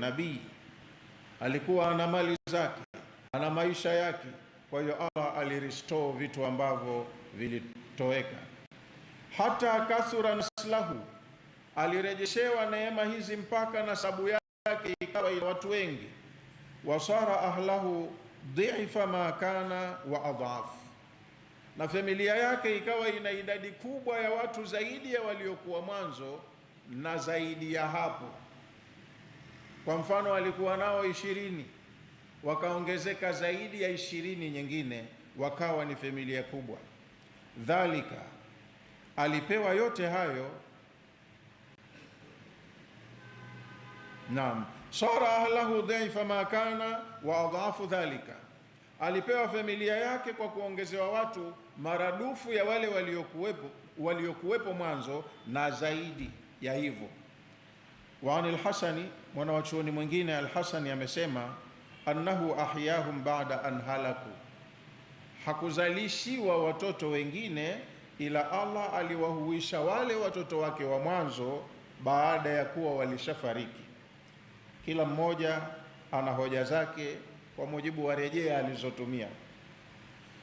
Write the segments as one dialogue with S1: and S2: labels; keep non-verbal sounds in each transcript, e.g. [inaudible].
S1: Nabii alikuwa ana mali zake, ana maisha yake. Kwa hiyo Allah alirestore vitu ambavyo vilitoweka. Hata kasura naslahu, alirejeshewa neema hizi mpaka nasabu yake ikawa ina watu wengi. Wasara ahlahu dhifa ma kana wa adhaf, na familia yake ikawa ina idadi kubwa ya watu zaidi ya waliokuwa mwanzo na zaidi ya hapo kwa mfano alikuwa nao ishirini, wakaongezeka zaidi ya ishirini nyingine, wakawa ni familia kubwa. Dhalika, alipewa yote hayo. Naam, sara ahlahu dhaifa ma kana wa adhafu dhalika, alipewa familia yake kwa kuongezewa watu maradufu ya wale waliokuwepo waliokuwepo mwanzo na zaidi ya hivyo. Wa an al-Hasani, mwana wa chuoni mwingine alhasani amesema annahu ahyahum ba'da an halaku, hakuzalishiwa watoto wengine ila Allah aliwahuisha wale watoto wake wa mwanzo baada ya kuwa walishafariki. Kila mmoja ana hoja zake kwa mujibu wa rejea alizotumia.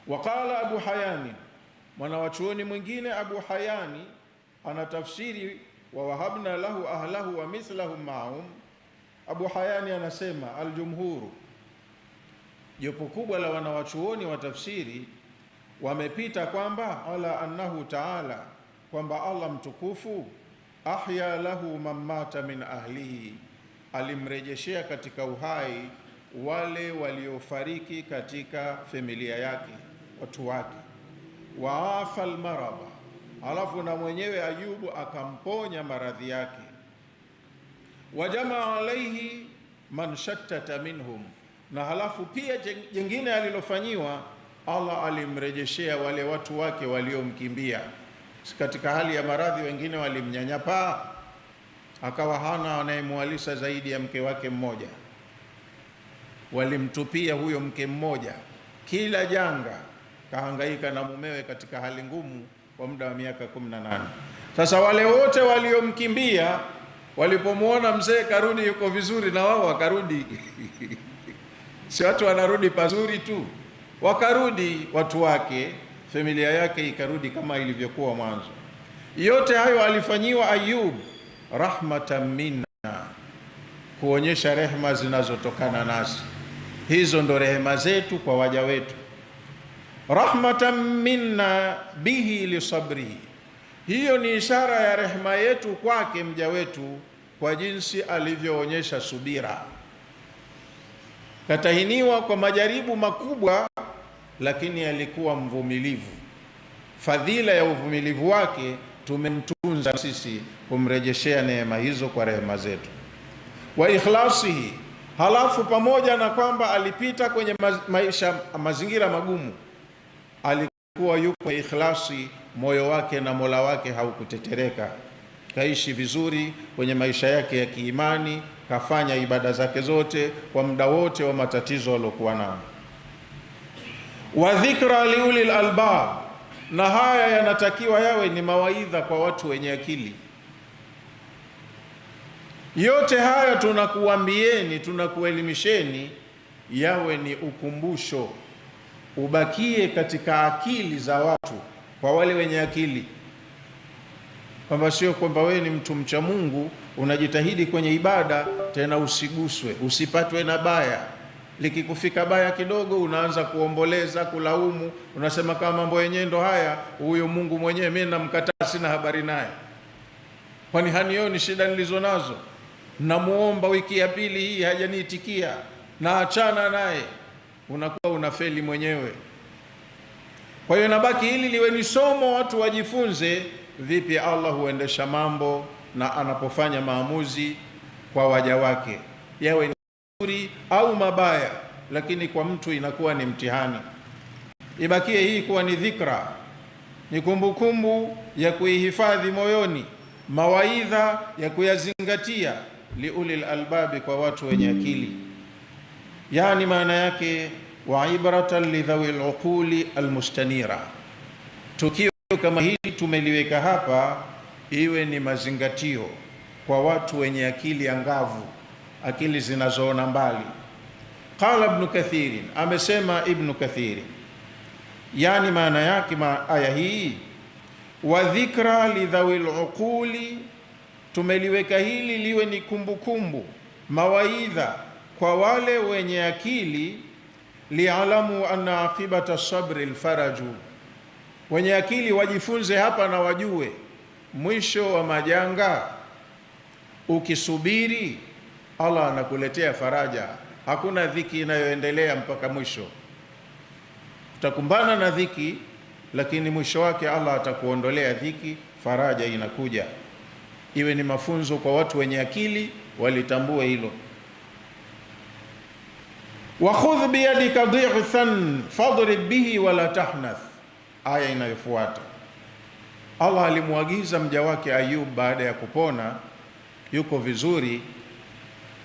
S1: Waqala Abu Hayani, mwana wa chuoni mwingine Abu Hayani anatafsiri wa wahabna lahu ahlahu wa mithlahum maahum. Abu Hayani anasema aljumhuru, jopo kubwa la wanawachuoni wa tafsiri wamepita kwamba ala annahu taala, kwamba Allah mtukufu ahya lahu man mata min ahlihi, alimrejeshea katika uhai wale waliofariki katika familia yake, watu wake. Waafa almarada alafu na mwenyewe Ayubu akamponya maradhi yake. Wajamaa alaihi man shattata minhum, na halafu pia jengine alilofanyiwa Allah alimrejeshea wale watu wake waliomkimbia katika hali ya maradhi, wengine walimnyanyapaa, akawa hana anayemwalisha zaidi ya mke wake mmoja. Walimtupia huyo mke mmoja kila janga, kahangaika na mumewe katika hali ngumu kwa muda wa miaka 18. Sasa wale wote waliomkimbia walipomwona mzee karudi yuko vizuri, na wao wakarudi [laughs] si watu wanarudi pazuri tu, wakarudi watu wake, familia yake ikarudi kama ilivyokuwa mwanzo. Yote hayo alifanyiwa Ayub rahmatan minna, kuonyesha rehema zinazotokana nasi. Hizo ndo rehema zetu kwa waja wetu rahmatan minna bihi lisabrihi, hiyo ni ishara ya rehema yetu kwake mja wetu kwa jinsi alivyoonyesha subira. Katahiniwa kwa majaribu makubwa, lakini alikuwa mvumilivu. Fadhila ya uvumilivu wake tumemtunza sisi kumrejeshea neema hizo kwa rehema zetu. Wa ikhlasihi, halafu pamoja na kwamba alipita kwenye maisha mazingira magumu alikuwa yuko ikhlasi, moyo wake na mola wake haukutetereka. Kaishi vizuri kwenye maisha yake ya kiimani, kafanya ibada zake zote kwa muda wote wa matatizo aliokuwa nao. Wa dhikra liulil albab, na haya yanatakiwa yawe ni mawaidha kwa watu wenye akili. Yote haya tunakuambieni, tunakuelimisheni, yawe ni ukumbusho ubakie katika akili za watu, kwa wale wenye akili, kwamba sio kwamba wewe ni mtu mcha Mungu unajitahidi kwenye ibada tena, usiguswe, usipatwe na baya. Likikufika baya kidogo, unaanza kuomboleza, kulaumu, unasema kama mambo yenyewe ndo haya, huyo Mungu mwenyewe mimi namkataa, sina habari naye, kwani hanioni shida nilizo nazo? Namuomba wiki ya pili hii hajaniitikia, naachana naye unakuwa unafeli mwenyewe. Kwa hiyo nabaki hili liwe ni somo, watu wajifunze vipi Allah huendesha mambo na anapofanya maamuzi kwa waja wake, yawe ni mazuri au mabaya, lakini kwa mtu inakuwa ni mtihani. Ibakie hii kuwa ni dhikra, ni kumbukumbu kumbu ya kuihifadhi moyoni, mawaidha ya kuyazingatia, liulil albabi, kwa watu wenye akili. Yaani maana yake wa ibratan lidhawi luquli almustanira. Tukio kama hili tumeliweka hapa iwe ni mazingatio kwa watu wenye akili angavu, akili zinazoona mbali. Qala Ibn Kathirin, amesema Ibn Kathirin, yani maana yake ma aya hii wa dhikra lidhawi luquli, tumeliweka hili liwe ni kumbukumbu kumbu, mawaidha kwa wale wenye akili lialamu anna aqibata sabri lfaraju, wenye akili wajifunze hapa na wajue mwisho wa majanga ukisubiri, Allah anakuletea faraja. Hakuna dhiki inayoendelea mpaka mwisho. Utakumbana na dhiki, lakini mwisho wake Allah atakuondolea dhiki, faraja inakuja. Iwe ni mafunzo kwa watu wenye akili, walitambue hilo wa khudh biyadika dhighthan fadrib bihi wala tahnath. Aya inayofuata Allah alimwagiza mja wake Ayub baada ya kupona yuko vizuri,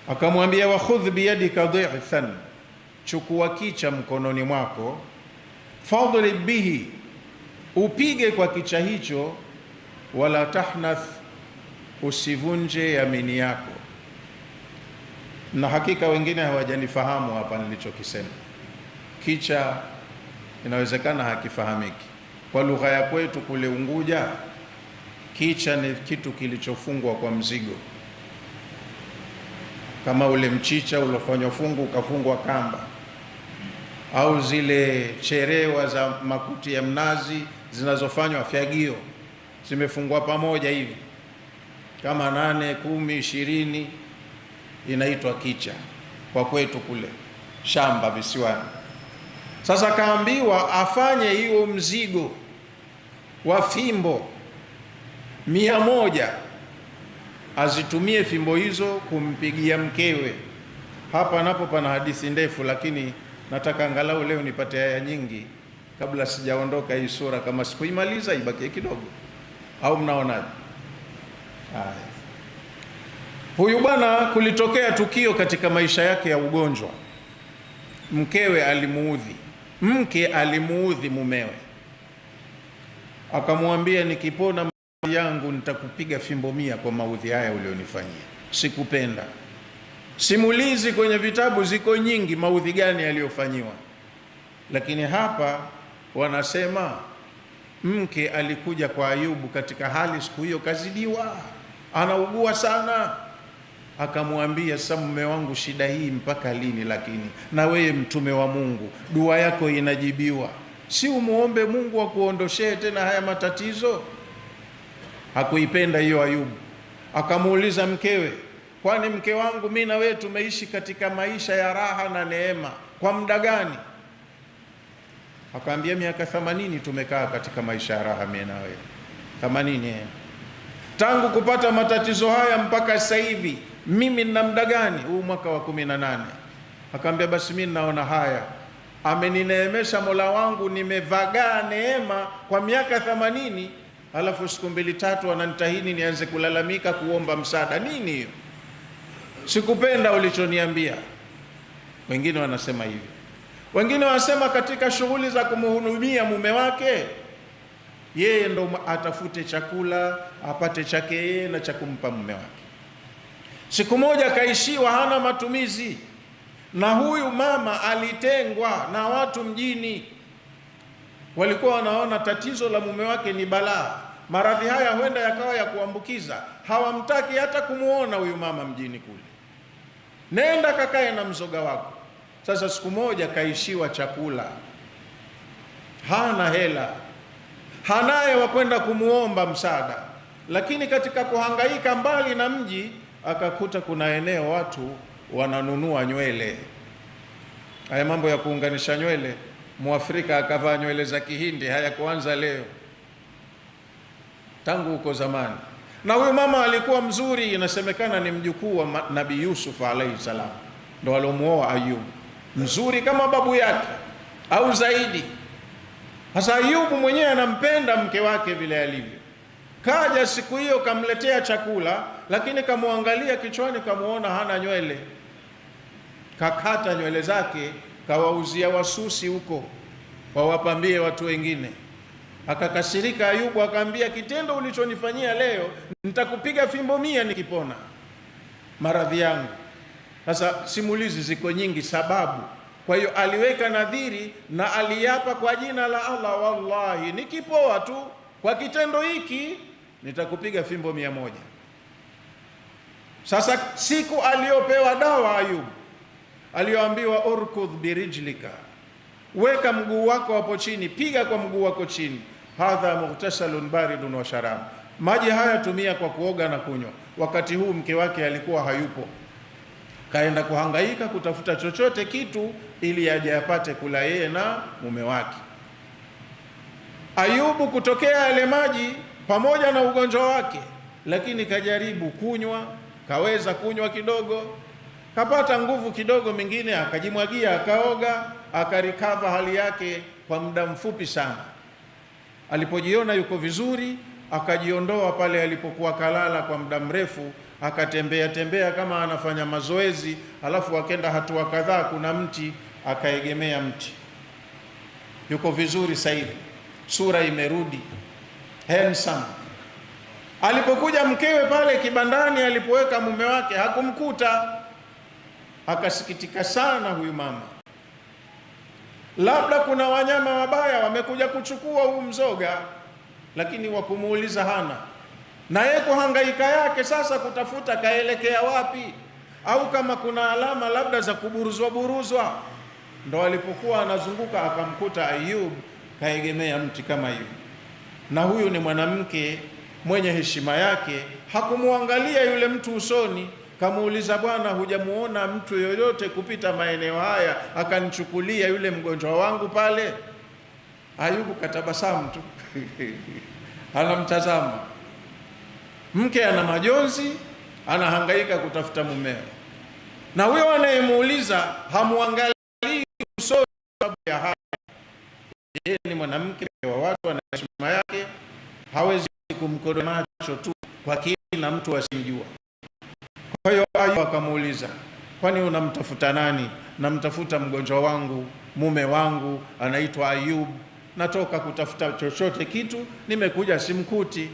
S1: akamwambia wa khudh biyadika dithan chukua kicha mkononi mwako, fadrib bihi, upige kwa kicha hicho, wala tahnath, usivunje yamini yako na hakika wengine hawajanifahamu hapa nilichokisema, kicha inawezekana hakifahamiki kwa lugha ya kwetu kule Unguja. Kicha ni kitu kilichofungwa kwa mzigo, kama ule mchicha uliofanywa fungu ukafungwa kamba, au zile cherewa za makuti ya mnazi zinazofanywa fyagio zimefungwa pamoja hivi kama nane, kumi, ishirini inaitwa kicha kwa kwetu kule shamba visiwani. Sasa kaambiwa afanye hiyo mzigo wa fimbo mia moja azitumie fimbo hizo kumpigia mkewe. Hapa napo pana hadithi ndefu, lakini nataka angalau leo nipate haya nyingi kabla sijaondoka hii sura, kama sikuimaliza ibakie kidogo, au mnaonaje? Haya. Huyu bwana kulitokea tukio katika maisha yake ya ugonjwa, mkewe alimuudhi, mke alimuudhi mumewe, akamwambia nikipona yangu nitakupiga fimbo mia kwa maudhi haya ulionifanyia, sikupenda. Simulizi kwenye vitabu ziko nyingi, maudhi gani yaliyofanyiwa, lakini hapa wanasema mke alikuja kwa Ayubu katika hali siku hiyo kazidiwa, anaugua sana akamwambia, sa mume wangu, shida hii mpaka lini? Lakini na wewe mtume wa Mungu, dua yako inajibiwa, si umuombe Mungu akuondoshee tena haya matatizo? Hakuipenda hiyo Ayubu, akamuuliza mkewe, kwani mke wangu, mi na wewe tumeishi katika maisha ya raha na neema kwa muda gani? Akaambia, miaka themanini tumekaa katika maisha ya raha mie na wewe eh. tangu kupata matatizo haya mpaka sasa hivi mimi nina muda gani huu mwaka wa kumi na nane? Akaambia basi mimi naona haya, amenineemesha Mola wangu, nimevagaa neema kwa miaka themanini, alafu siku mbili tatu ananitahini nianze kulalamika kuomba msaada. Nini hiyo? Sikupenda ulichoniambia. Wengine wanasema hivyo, wengine wanasema katika shughuli za kumhudumia mume wake yeye ndo atafute chakula apate chake yeye na cha kumpa mume wake Siku moja kaishiwa hana matumizi, na huyu mama alitengwa na watu mjini, walikuwa wanaona tatizo la mume wake ni balaa. Maradhi haya huenda yakawa ya kuambukiza, hawamtaki hata kumwona huyu mama mjini kule, nenda kakae na mzoga wako. Sasa siku moja kaishiwa chakula, hana hela, hanaye wakwenda kumuomba msaada, lakini katika kuhangaika mbali na mji akakuta kuna eneo watu wananunua nywele. Haya mambo ya kuunganisha nywele, Mwafrika akavaa nywele za Kihindi hayakuanza leo, tangu huko zamani. Na huyu mama alikuwa mzuri, inasemekana ni mjukuu wa Nabii Yusuf alaihi salam, ndo aliomuoa Ayubu, mzuri kama babu yake au zaidi. Sasa Ayubu mwenyewe anampenda mke wake vile alivyo. Kaja siku hiyo kamletea chakula lakini kamwangalia kichwani, kamuona hana nywele, kakata nywele zake kawauzia wasusi huko wawapambie watu wengine. Akakasirika Ayubu, akaambia kitendo ulichonifanyia leo nitakupiga fimbo mia nikipona maradhi yangu. Sasa simulizi ziko nyingi sababu. Kwa hiyo aliweka nadhiri na aliapa kwa jina la Allah, wallahi nikipoa tu kwa kitendo hiki nitakupiga fimbo mia moja. Sasa siku aliyopewa dawa Ayub, aliyoambiwa urkudh birijlika, weka mguu wako hapo chini, piga kwa mguu wako chini, hadha mughtasalun baridun wa sharab, maji haya tumia kwa kuoga na kunywa. Wakati huu mke wake alikuwa hayupo, kaenda kuhangaika kutafuta chochote kitu ili aje apate kula yeye na mume wake. Ayubu kutokea yale maji pamoja na ugonjwa wake, lakini kajaribu kunywa kaweza kunywa kidogo, kapata nguvu kidogo, mingine akajimwagia, akaoga, akarikava hali yake kwa muda mfupi sana. Alipojiona yuko vizuri, akajiondoa pale alipokuwa kalala kwa muda mrefu, akatembea tembea kama anafanya mazoezi, alafu akenda hatua kadhaa, kuna mti akaegemea mti. Yuko vizuri sasa hivi, sura imerudi handsome. Alipokuja mkewe pale kibandani alipoweka mume wake hakumkuta, akasikitika sana huyu mama. Labda kuna wanyama wabaya wamekuja kuchukua huu mzoga, lakini wa kumuuliza hana. Na yeye kuhangaika yake sasa kutafuta kaelekea wapi, au kama kuna alama labda za kuburuzwa buruzwa. Ndo alipokuwa anazunguka akamkuta Ayub kaegemea mti kama hivi, na huyu ni mwanamke mwenye heshima yake hakumwangalia yule mtu usoni, kamuuliza, bwana, hujamuona mtu yoyote kupita maeneo haya akanichukulia yule mgonjwa wangu pale? Ayubu katabasamu tu [laughs] anamtazama mke, ana majonzi, anahangaika kutafuta mumeo, na huyo anayemuuliza hamwangalii usoni sababu ya haya. Yeye ni mwanamke mkodo macho tu kwa kila mtu asimjua. Kwa hiyo Ayubu akamuuliza, kwani unamtafuta nani? Namtafuta mgonjwa wangu, mume wangu anaitwa Ayubu, natoka kutafuta chochote kitu, nimekuja simkuti.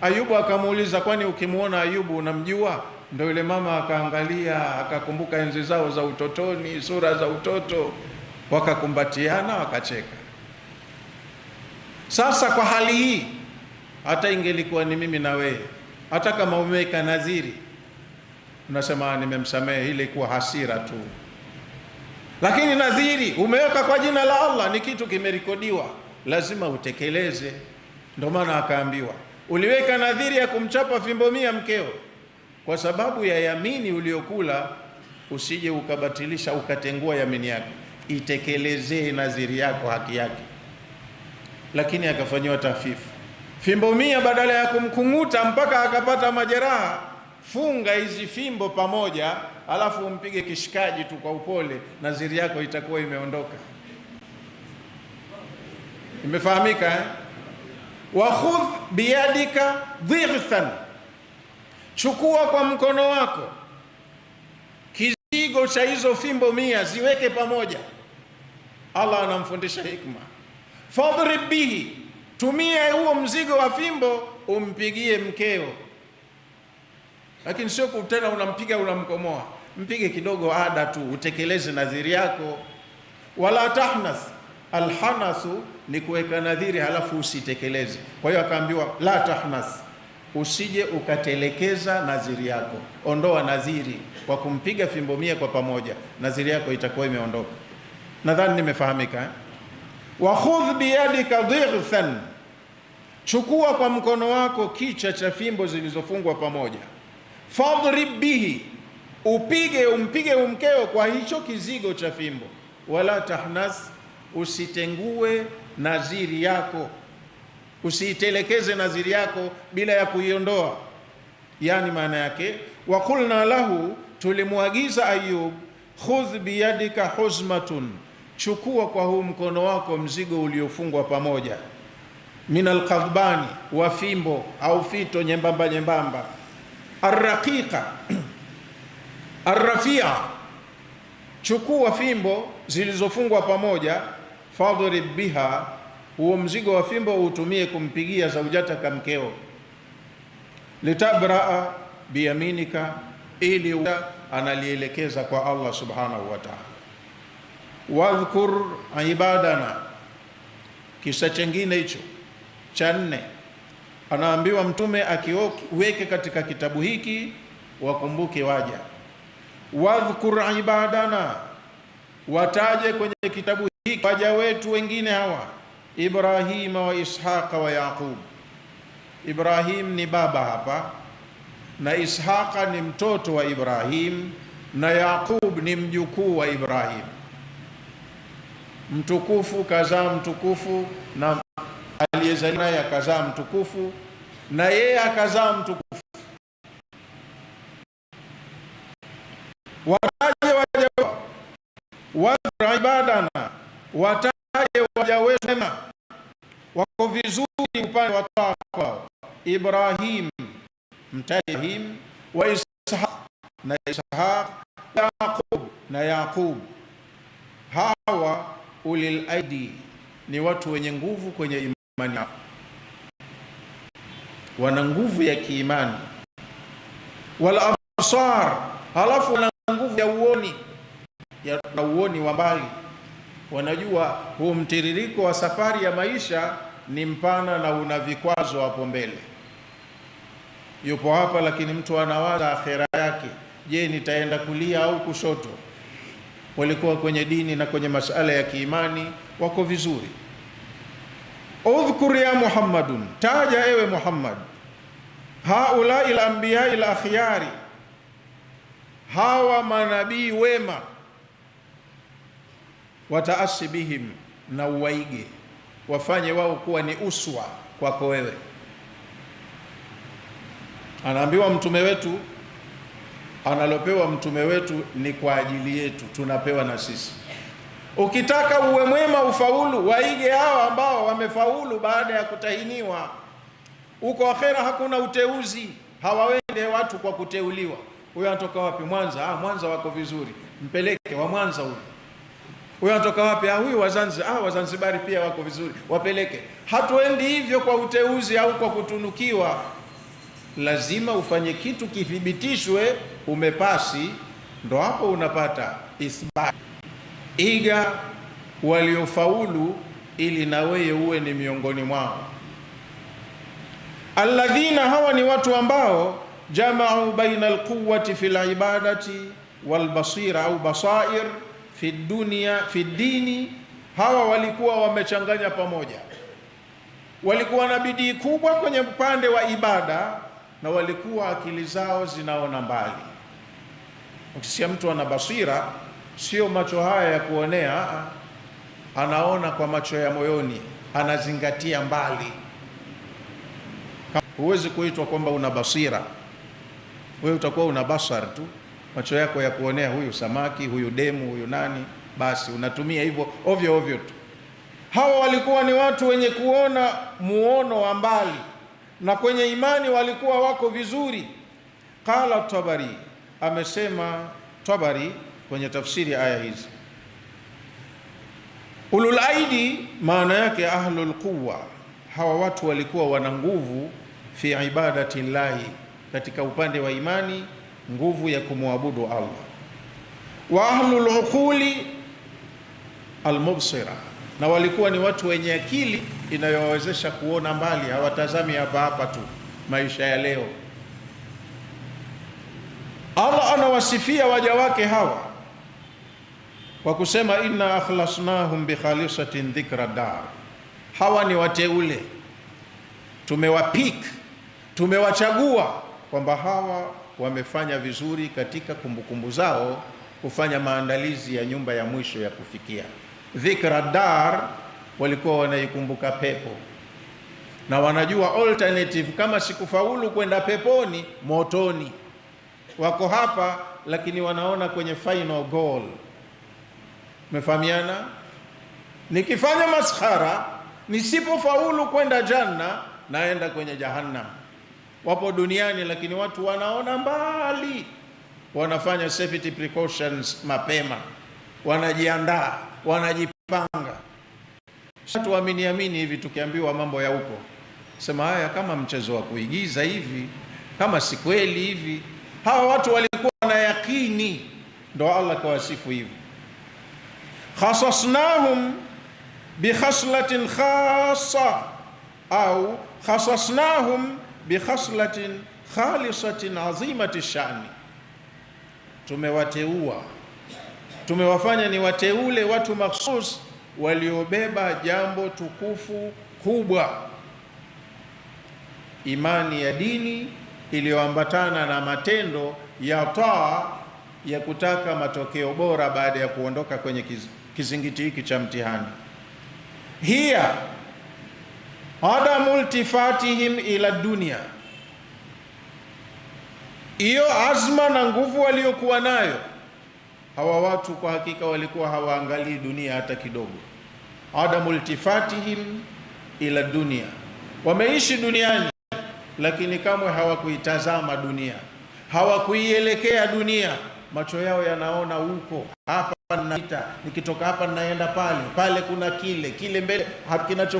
S1: Ayubu akamuuliza, kwani ukimwona Ayubu unamjua? Ndo yule mama akaangalia, akakumbuka enzi zao za utotoni, sura za utoto, wakakumbatiana wakacheka. Sasa kwa hali hii hata ingelikuwa ni mimi na wewe, hata kama umeweka nadhiri, unasema ah, nimemsamehe, ile kuwa hasira tu. Lakini nadhiri umeweka kwa jina la Allah, ni kitu kimerekodiwa, lazima utekeleze. Ndio maana akaambiwa, uliweka nadhiri ya kumchapa fimbo mia mkeo, kwa sababu ya yamini uliyokula, usije ukabatilisha ukatengua yamini yako, itekelezee nadhiri yako, haki yake. Lakini akafanyiwa tafifu Fimbo mia badala ya kumkung'uta mpaka akapata majeraha, funga hizi fimbo pamoja, alafu umpige kishikaji tu kwa upole, nadhiri yako itakuwa imeondoka. Imefahamika eh? Wakhudh biyadika dhighthan chukua kwa mkono wako kizigo cha hizo fimbo mia, ziweke pamoja. Allah anamfundisha hikma, fadhrib bihi Tumia huo mzigo wa fimbo umpigie mkeo, lakini sio tena unampiga unamkomoa. Mpige kidogo ada tu, utekeleze nadhiri yako. Wala tahnath, alhanathu ni kuweka nadhiri halafu usitekeleze. Kwa hiyo akaambiwa la tahnath, usije ukatelekeza nadhiri yako. Ondoa nadhiri kwa kumpiga fimbo mia kwa pamoja, nadhiri yako itakuwa imeondoka. Nadhani nimefahamika eh? wa khudh biyadika dhighthan Chukua kwa mkono wako kicha cha fimbo zilizofungwa pamoja, fadrib bihi, upige umpige umkeo kwa hicho kizigo cha fimbo. Wala tahnas, usitengue naziri yako, usiitelekeze naziri yako bila ya kuiondoa. Yani maana yake waqulna lahu, tulimwagiza Ayub, khudh biyadika huzmatun, chukua kwa huu mkono wako mzigo uliofungwa pamoja min alqadbani wa fimbo au fito nyembamba nyembamba, arraqiqa [clears throat] arrafia, chukua fimbo zilizofungwa pamoja, fadrib biha, huo mzigo wa fimbo utumie kumpigia zaujataka mkeo, litabraa biyaminika, ili analielekeza kwa Allah subhanahu wa ta'ala. Wadhkur ibadana, kisa chengine hicho cha nne, anaambiwa mtume akiweke katika kitabu hiki wakumbuke waja, wadhkur ibadana, wataje kwenye kitabu hiki waja wetu wengine hawa, Ibrahima wa Ishaqa wa Yaqub. Ibrahim ni baba hapa na Ishaqa ni mtoto wa Ibrahim na Yaqub ni mjukuu wa Ibrahim. Mtukufu kazaa mtukufu na aliyezaliwa naye akazaa mtukufu, na yeye akazaa mtukufu. Wataje waja wadhkur ibadana, wataje waja wema, wako vizuri upande wa taa Ibrahim mtaihim wa Ishaq na Ishaq Yaqub na Yaqub. Hawa ulil aidi ni watu wenye nguvu kwenye imani. Imani wana nguvu ya kiimani, wala absar, halafu wana nguvu ya uoni ya uoni wa mbali. Wanajua huu mtiririko wa safari ya maisha ni mpana na una vikwazo hapo mbele. Yupo hapa, lakini mtu anawaza akhera yake, je, nitaenda kulia au kushoto? Walikuwa kwenye dini na kwenye masala ya kiimani wako vizuri udhkur ya Muhammadun, taja ewe Muhammad, haula lambiyai lakhyari hawa manabii wema, wataasi bihim, na uwaige wafanye wao kuwa ni uswa kwako wewe. Anaambiwa mtume wetu, analopewa mtume wetu ni kwa ajili yetu, tunapewa na sisi Ukitaka uwe mwema ufaulu, waige hawa ambao wamefaulu baada ya kutahiniwa. Huko akhera hakuna uteuzi, hawaende watu kwa kuteuliwa. Huyo anatoka wapi? Mwanza. Ah, Mwanza wako vizuri, mpeleke wa Mwanza huyo. Huyo anatoka wapi? Ah, huyu wa Zanzibar. Ah, Wazanzibari pia wako vizuri, wapeleke. Hatuendi hivyo kwa uteuzi au kwa kutunukiwa. Lazima ufanye kitu kithibitishwe, umepasi, ndo hapo unapata ithbati iga waliofaulu, ili na wewe uwe ni miongoni mwao. Alladhina, hawa ni watu ambao jamau baina fil fi libadati walbasira au basair fi dunya fi dini, hawa walikuwa wamechanganya pamoja, walikuwa na bidii kubwa kwenye upande wa ibada na walikuwa akili zao zinaona mbali. Ukisikia mtu ana basira sio macho haya ya kuonea, ah, ah. anaona kwa macho ya moyoni, anazingatia mbali. Huwezi kuitwa kwamba una basira, wewe utakuwa una basar tu, macho yako ya kuonea, huyu samaki, huyu demu, huyu nani, basi unatumia hivyo ovyo ovyo tu. Hawa walikuwa ni watu wenye kuona muono wa mbali, na kwenye imani walikuwa wako vizuri. Qala Tabari, amesema Tabari kwenye tafsiri aya hizi. Ulul aidi maana yake ahlul quwa, hawa watu walikuwa wana nguvu fi ibadati llahi, katika upande wa imani, nguvu ya kumwabudu Allah. Wa ahlul uquli almubsira, na walikuwa ni watu wenye akili inayowawezesha kuona mbali, hawatazami hapa hapa tu maisha ya leo. Allah anawasifia waja wake hawa kwa kusema inna akhlasnahum bikhalisatin dhikra dar, hawa ni wateule, tumewapik, tumewachagua kwamba hawa wamefanya vizuri katika kumbukumbu zao kufanya maandalizi ya nyumba ya mwisho ya kufikia. Dhikra dar walikuwa wanaikumbuka pepo na wanajua alternative, kama sikufaulu kwenda peponi, motoni. Wako hapa lakini wanaona kwenye final goal Mefahamiana? Nikifanya maskhara, nisipofaulu kwenda janna, naenda kwenye jahannam. Wapo duniani, lakini watu wanaona mbali, wanafanya safety precautions mapema, wanajiandaa, wanajipanga. Watu amini hivi, tukiambiwa mambo ya huko sema haya kama mchezo wa kuigiza hivi, kama si kweli hivi. Hawa watu walikuwa na yakini, ndo Allah kawasifu hivyo khasasnahum bikhaslatin khassa au khasasnahum bikhaslatin khalisatin azimati shani, tumewateua tumewafanya ni wateule watu makhsus waliobeba jambo tukufu kubwa, imani ya dini iliyoambatana na matendo ya taa ya kutaka matokeo bora baada ya kuondoka kwenye kizu kizingiti hiki cha mtihani. hiya adamu ltifatihim ila dunia, iyo azma na nguvu waliokuwa nayo hawa watu, kwa hakika walikuwa hawaangalii dunia hata kidogo. Adamu ltifatihim ila dunia, wameishi duniani lakini kamwe hawakuitazama dunia, hawakuielekea dunia macho yao yanaona huko, hapa napita, nikitoka hapa ninaenda pale, pale kuna kile kile mbele hakinachofu